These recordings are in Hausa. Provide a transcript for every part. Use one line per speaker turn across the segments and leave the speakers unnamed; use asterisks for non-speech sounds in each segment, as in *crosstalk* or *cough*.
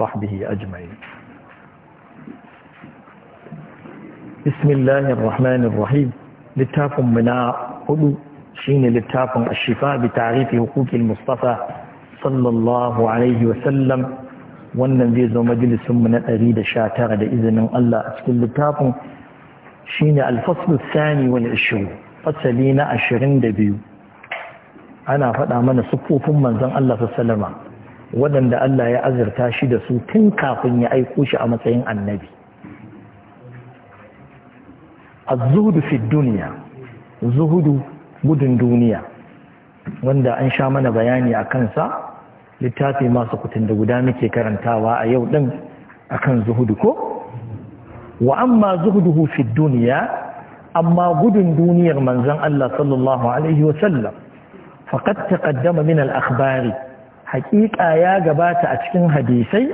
وصحبه أجمعين بسم الله الرحمن الرحيم لتاف منا هدو شين لتاف الشفاء بتعريف حقوق المصطفى صلى الله عليه وسلم wannan zai zo majalisun mu na ɗari da sha tara da izinin Allah a cikin littafin shine al-fasl ath-thani wal 20 fasali na biyu ana faɗa mana sufofin manzon Allah sallallahu waɗanda Allah ya azurta shi da su tun kafin ya aiko shi a matsayin annabi azuhudu zuhdu fi duniya zuhudu gudun duniya wanda an sha mana bayani a kansa littafi masu kutun da guda muke karantawa a yau din akan zuhudu ko wa amma zuhuduhu fi duniya amma gudun duniyar manzon Allah sallallahu alaihi wa sallam faqad min al-akhbari haƙiƙa ya gabata a cikin hadisai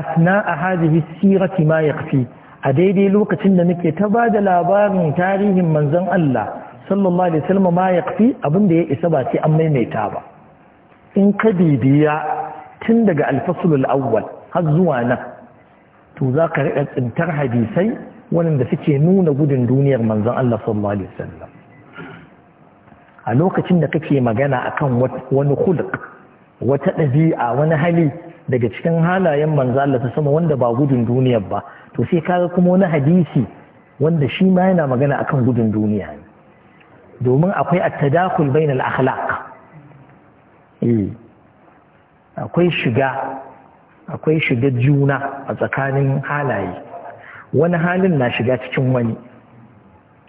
asna a hadhihi sirati ma a daidai lokacin da muke ta ba da labarin tarihin manzon Allah sallallahu alaihi wasallam ma yakfi abin abinda ya isa ba sai an maimaita ba in ka bibiya tun daga alfasulul awwal har zuwa nan to za ka riƙa tsintar hadisai waɗanda suke nuna gudun duniyar manzan Allah sallallahu alaihi wasallam a lokacin da kake magana akan wani khuluq wata ɗabi'a wani hali daga cikin halayen manzo Allah ta sama wanda ba gudun duniya ba to sai kaga kuma wani hadisi wanda shi ma yana magana a kan gudun duniya ne domin akwai at-tadakhul bainal akhlaq eh, akwai shiga akwai shiga juna a tsakanin halaye wani halin na shiga cikin wani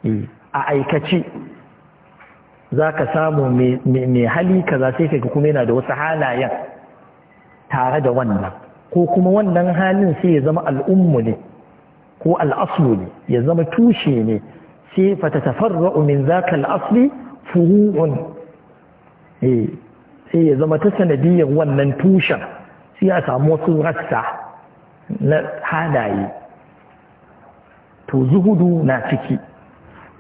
eh, a aikace za ka samu mai hali kaza sai ka kuma yana da wasu halayen tare da wannan ko kuma wannan halin sai ya zama al'ummu ne ko al'aslu ne ya zama tushe ne sai fata tafarra'u za ka al'asli furu'un eh, sai ya zama ta sanadiyar wannan tushen sai a samu wasu rassa na halaye to zuhudu na ciki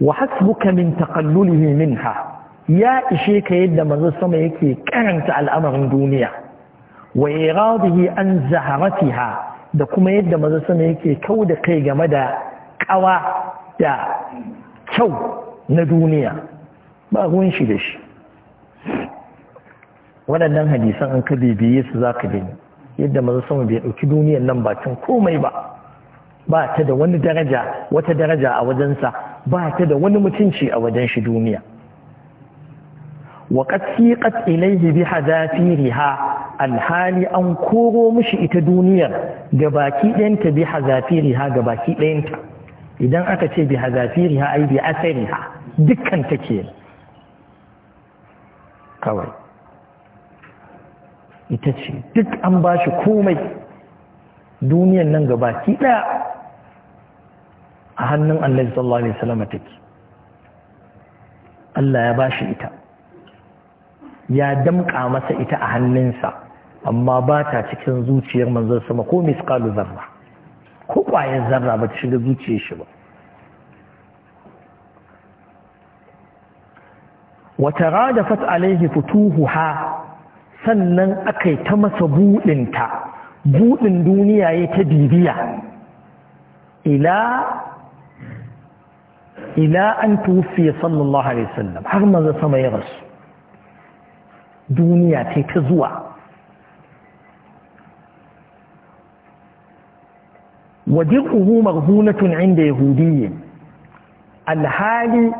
wa hasbuka min min minha ya ishe ka yadda manzo sama yake karanta al'amarin duniya wa iradihi an zaharatiha da kuma yadda manzo sama yake kau da kai game da kawa da kyau na duniya ba ruwan shi da shi waɗannan hadisan an ka bibiye su za ka gani yadda manzo sama bai ɗauki duniyan nan ba tun komai ba ba ta da wani daraja wata daraja a wajensa ba ta da wani mutunci a wajen shi duniya wa qasiqat ilayhi bi hadafiriha alhali an koro mishi ita duniyar ga baki ɗayanta bi hazafiriha ga baki ɗayanta idan aka ce bi hazafiriha ai bi asariha dukkan ta ke kawai ita ce duk an bashi komai duniyar nan ga ɗaya a hannun annabi sallallahu alaihi wasallam take Allah ya bashi ita ya damƙa masa ita a hannunsa amma ba ta cikin zuciyar manzon sama ko misqalu zarra ko ƙwayar zarra ba ta shiga zuciyar shi ba wata radafat alaihi ha, sannan aka yi ta masa buɗinta buɗin duniya ya ta bibiya ila ila an tuwufiya sallallahu alaihi wasallam har manzo sama ya rasu duniya ce ta zuwa wadir'uhu maghzunatun inda yahudiyyin alhali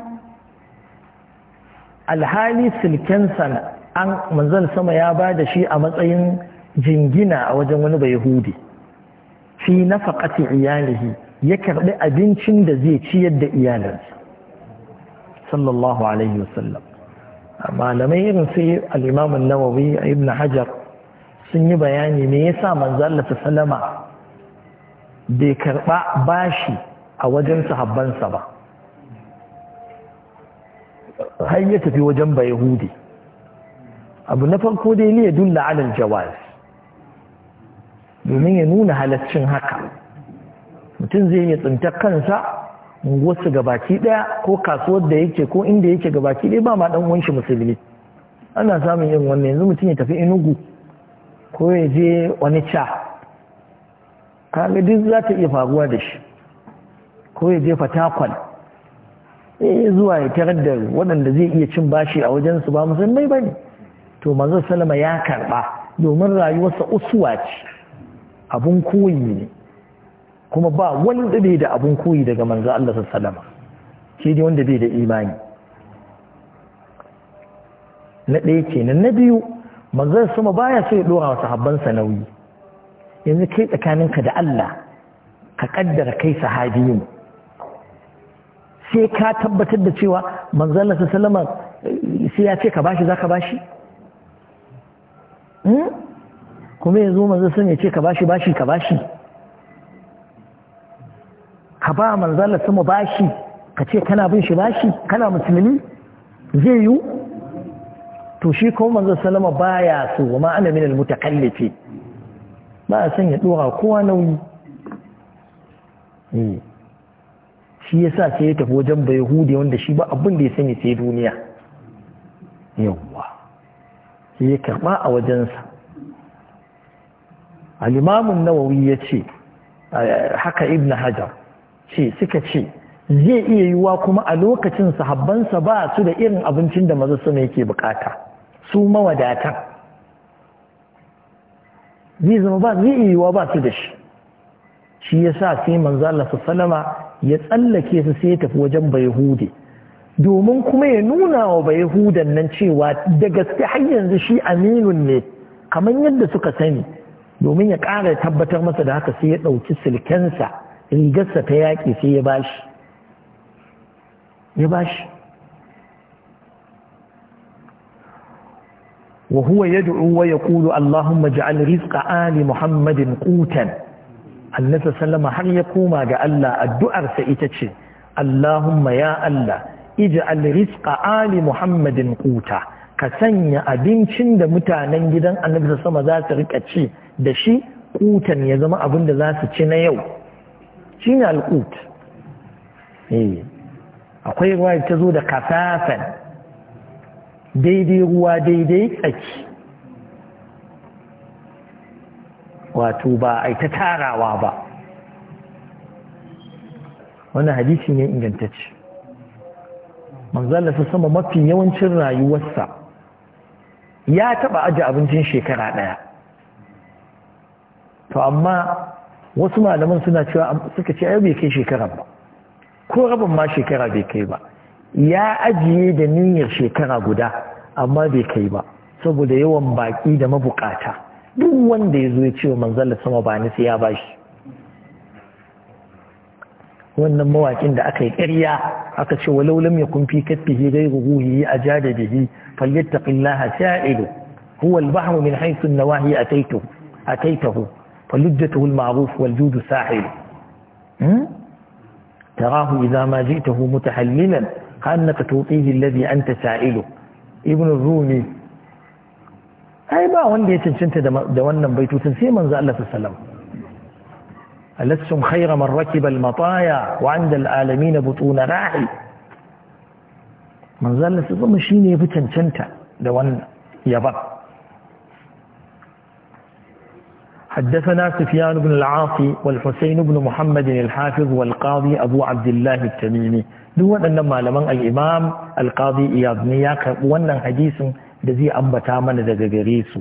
alhali silkensa an manzan sama ya ba da shi a matsayin jingina a wajen wani bai yahudi fi nafaqati iyalihi ya karɓi abincin da zai ciyar da iyalinsa sallallahu alaihi wasallam malamai irin sai al-imam an-nawawi ibn hajar sun yi bayani me yasa manzo ta Salama bai karɓa bashi a wajen sahabbansa ba har ya tafi wajen ba yahudi abu na farko dai ne ya dulla alal jawaz domin ya nuna halaccin haka mutum zai yi tsintar kansa ga gabaki ɗaya ko kasuwar da yake ko inda yake gabaki ɗaya ba ma ɗan uwan shi musulmi ana samun irin wannan yanzu mutum ya tafi inugu ko ya je wani ca kaga duk za ta iya faruwa da shi ko ya je fatakwal eh zuwa ya tarar da waɗanda zai iya cin bashi a wajen su ba musulmai ba ne to manzo salama ya karɓa domin rayuwarsa usuwa ce abun koyi ne kuma ba wanda bai da abun koyi daga manzo Allah sallama shi ne wanda bai da imani na ɗaya kenan na biyu manzo sama baya so ya dora wa sahabbansa nauyi yanzu kai tsakaninka da Allah ka kaddara kai sahabi sai ka tabbatar da cewa manzo Allah sallama eh, sai ya ce ka bashi zaka bashi hmm? kuma yanzu manzo sun ya ce ka bashi bashi ka bashi ka ba da sama bashi ka ce kana bin shi bashi kana musulmi zai yiwu to shi ko manzo salama baya so wa ma ana min almutakallifi ba san ya dora kowa nauyi eh shi yasa sai ya tafi wajen bai bayahudi wanda shi ba abin da ya sani sai duniya yawwa sai ya karba a wajensa al-imam an-nawawi yace haka ibn hajar ce suka ce zai iya yiwuwa kuma a lokacin sahabbansa ba su da irin abincin da maza suna yake bukata su mawadatan zai zama ba zai iya yiwuwa ba su da shi shi ya sa sai manzo Allah salama ya tsallake su sai ya tafi wajen bayhudi domin kuma ya nuna wa bayhudan nan cewa da gaske har yanzu shi aminun ne kamar yadda suka sani domin ya ƙara tabbatar masa da haka sai ya ɗauki silkensa rigarsa ta yaƙi sai ya bashi ya bashi wahuwa ya du'u wa ya ƙulu Allahumma ji'al rizqa ali Muhammadin ƙutan annasa sallama har ya koma ga Allah addu’arsa ita ce Allahumma ya Allah ij'al rizqa ali Muhammadin ƙuta ka sanya abincin da mutanen gidan annabta sama za su riƙa ci da shi ƙutan ya zama abin da za su ci na yau shi ne alƙut eh, akwai ruwa ta zo da kasafen daidai ruwa daidai tsaki wato ba a ta tarawa ba wani hadisi ne ingantacce manzala su sama mafi yawancin rayuwarsa ya taba aji abincin shekara ɗaya to amma wasu malaman suna cewa suka ce ai bai kai shekara ba ko rabin ma shekara bai kai ba ya ajiye da niyyar shekara guda amma bai kai ba saboda yawan baki da mabukata duk wanda ya zo ya ce wa manzala sama ba ni sai ya bashi wannan mawakin da aka yi ƙarya aka ce walau lam yakun fi kaffihi ghayru ruhi ajada bihi falyattaqillaha sa'idu huwa al-bahru min haythu an-nawahi ataytuhu ataytuhu فلجته المعروف والجود ساحل تراه إذا ما جئته متحللا كأنك توقيه الذي أنت سائله ابن الرومي أي با وندي تنشنت دوانا بيتو تنسي من زال السلام ألستم خير من ركب المطايا وعند العالمين بطون راحي من زال في السلام شيني بتنشنت دوانا يبقى حدثنا سفيان بن العاصي والحسين بن محمد الحافظ والقاضي أبو عبد الله التميمي دون أن مالما الإمام القاضي إياد نياك وأن حديث الذي أنبتا من ذكريسو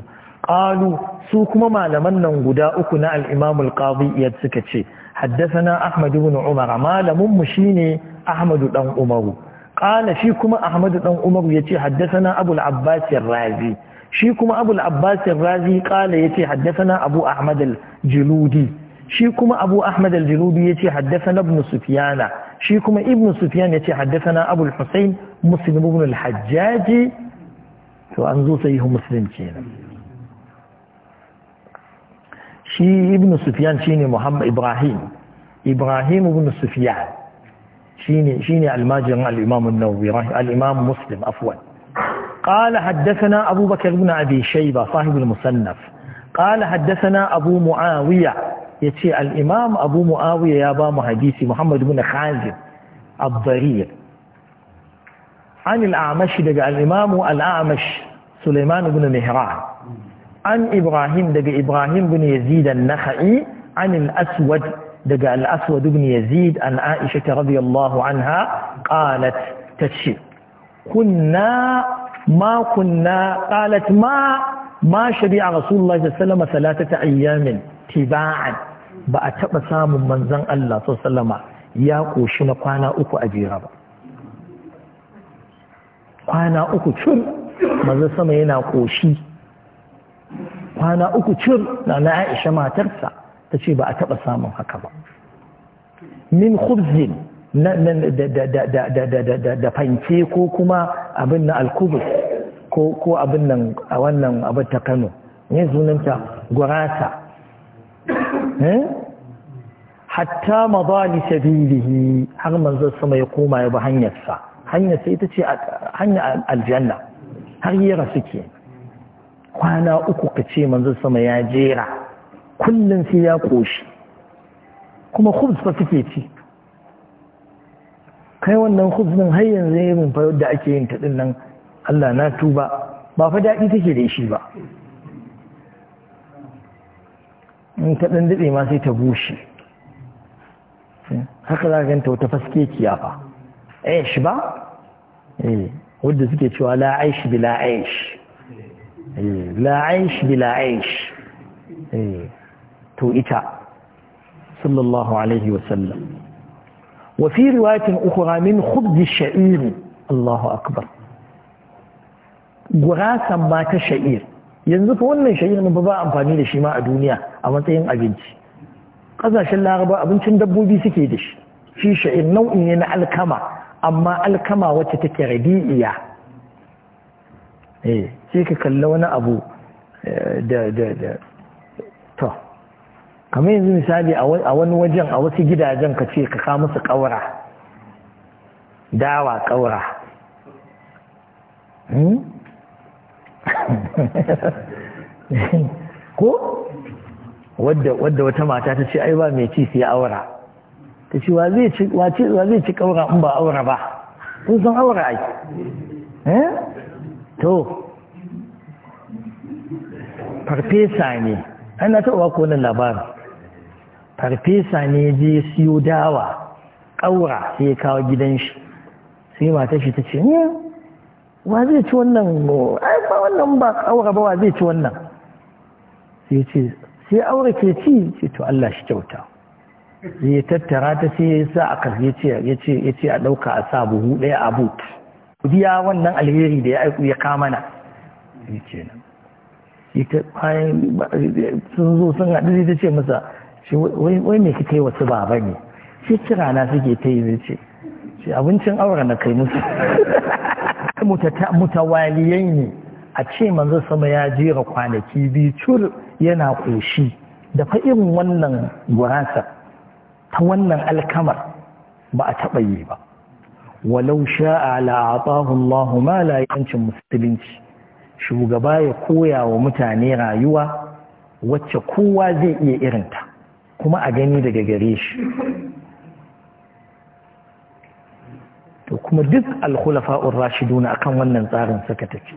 قالوا سوكما مالما نغداؤكنا الإمام القاضي إياد سكتشي حدثنا أحمد بن عمر مالما مشيني أحمد بن عمر قال فيكما أحمد بن عمر يتي حدثنا أبو العباس الرازي shi kuma abu al-abbas razi kala yace haddathana abu ahmad al-juludi shi kuma abu ahmad al-juludi yace haddathana ibn sufyana shi kuma ibn sufyan yace haddathana abu al-husayn muslim ibn al-hajjaj to an zo sai muslim kenan shi ibn sufyan shine muhammad ibrahim ibrahim ibn sufyan shine shine almajirin al-imam an-nawawi al-imam muslim afwan قال حدثنا أبو بكر بن أبي شيبة صاحب المصنف قال حدثنا أبو معاوية يتي الإمام أبو معاوية يا بام حديثي محمد بن خازم الضرير عن الأعمش دقى الإمام الأعمش سليمان بن مهران عن إبراهيم دقى إبراهيم بن يزيد النخعي عن الأسود دقى الأسود بن يزيد عن عائشة رضي الله عنها قالت تشي كنا ما كنا قالت ma ما شبع رسول الله صلى الله عليه وسلم ثلاثة أيام تباعا بأتبع سام من ya ƙoshi na kwana uku a jera ba kwana uku cir maza sama yana ƙoshi kwana uku cur na na aisha matarsa ta ce ba a taɓa samun haka ba min khubzin da fanke ko kuma abin na alkubus ko abin nan a wannan abin ta kano ne sunanta gurasa eh? hatta mazali sabilihi har manzo sama ya koma ya bi hanyarsa hanyar sai ita ce hanya aljanna har yi rasu kwana uku ka ce manzo sama ya jera kullum sai ya koshi kuma kubus fa suke ci kai wannan hukumin har yanzu ya mun fayar da ake yin taɗin nan Allah na tuba ba fa daɗi take da shi ba in taɗin daɗe ma sai ta bushe haka za ganta wata faske kiyafa eh shi ba eh wadda suke cewa la aish bi eh, la aish la aish bi la aish eh, to ita sallallahu alaihi wasallam Wafiri رواية أخرى من خبز الشعير الله gurasan ma ta sha'ir yanzu fa wannan shairin ba ba amfani da shi ma a duniya a matsayin abinci ƙasashen laraba abincin dabbobi suke da shi shi sha'ir nau'i ne na alkama amma alkama wacce take radi'iya eh sai ka kalla wani abu kamar yanzu misali a wani wajen a wasu gidajen ka ce ka ka musu ƙaura dawa ƙaura hmm? *laughs* ko wadda wata mata ta ce ai ba mai ci sai aura ta ce wa zai ci ƙaura in ba aura ba sun san aura ai eh? to farfesa ne ana taɓa ko nan labarin farfesa ne je siyo dawa ƙaura sai ya kawo gidan shi sai mata shi ta ce eh, wa zai ci wannan ai ba wannan ba ƙaura ba wa zai ci wannan sai ya ce sai aure ke ci ce to Allah shi kyauta zai tattara ta sai ya sa a karfi ya ce ya ce a ɗauka a sa buhu ɗaya a but biya wannan alheri da ya aiku ya kama na ce nan ita sun zo sun haɗu zai ta ce masa shi wai me kika yi wasu baba ne shi kira na suke ta yi ce ce abincin aure na kai musu *laughs* mutawaliyan ne a ce manzo sama ya jera kwanaki biyu cur yana ƙoshi. da fa irin wannan gurasa ta wannan alkamar ba a taɓa yi ba walau sha'a la'atahu Allah ma la yancin musulunci shugaba ya koya wa mutane rayuwa wacce kowa zai iya irinta kuma a gani daga gare shi to kuma duk alkhulafa'ur rashiduna akan wannan tsarin suka tafi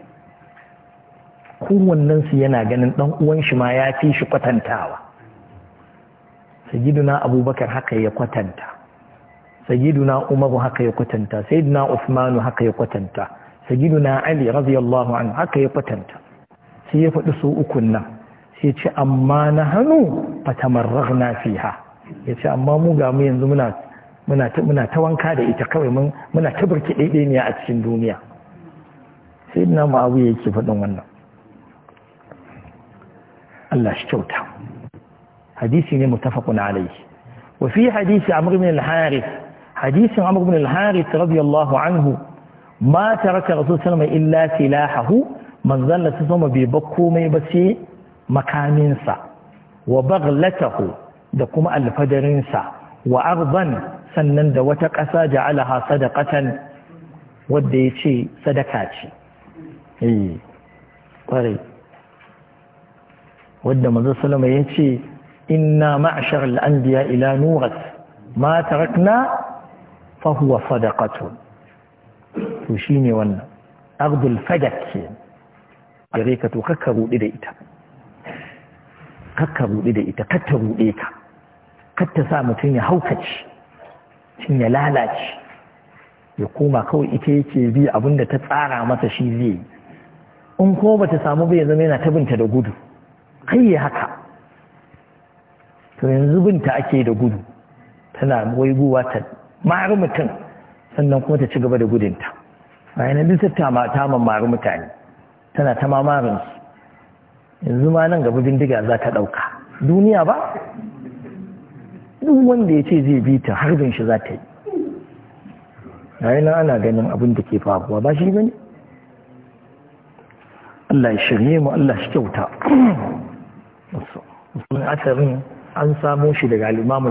kowannen su yana ganin dan uwan shi ma ya fi shi kwatantawa sayyiduna abubakar haka ya kwatanta sayyiduna umaru haka ya kwatanta sayyiduna usmanu haka ya kwatanta sayyiduna ali radiyallahu anhu haka ya kwatanta sai ya faɗi su ukun nan sai ce amma na hannu ba ta fatamarragna fiha ya ce amma mu ga mu yanzu muna ta wanka da ita kawai muna ta burki ne a cikin duniya sai na ya yake faɗin wannan Allah shi kyauta hadisi ne mutafakun alaihi wa fi hadisi Amurmin ibn al-harith hadisin Amurmin ibn al-harith radiyallahu anhu ma ta raka sallallahu alaihi wasallam illa silahahu manzon Allah sallallahu alaihi wasallam bai ba komai ba sai makaminsa wa baglatahu da kuma alfadarinsa wa arban sannan da wata ƙasa ja'alaha sadaqatan wadda ya ce sadaka ce eh ƙwarai wadda manzo sallama ya ce inna ma'ashar al'anbiya ila Nuras ma tarakna fa huwa sadaqatun to ne wannan ardul fagat ke gare ka to kakka rudi da ita kakka ruɗe da ita kakka ruɗe ka kakka sa mutum ya haukace cin ya lalace ya koma kawai ita yake bi abin da ta tsara masa shi zai yi in ba ta samu bai zama yana tabinta da gudu kai ya haka to yanzu binta ake da gudu tana waiguwa ta mari mutum sannan kuma ta ci gaba da gudunta bayan duk ta mamari mutane tana ta mamarin yanzu ma nan gaba bindiga za ta ɗauka duniya ba duk wanda ya ce zai bi ta harbin shi za ta yi yayi nan ana ganin abin da ke faruwa ba shi bane Allah ya shirye mu Allah shi kyauta *coughs* asarin an samo shi daga al-Imam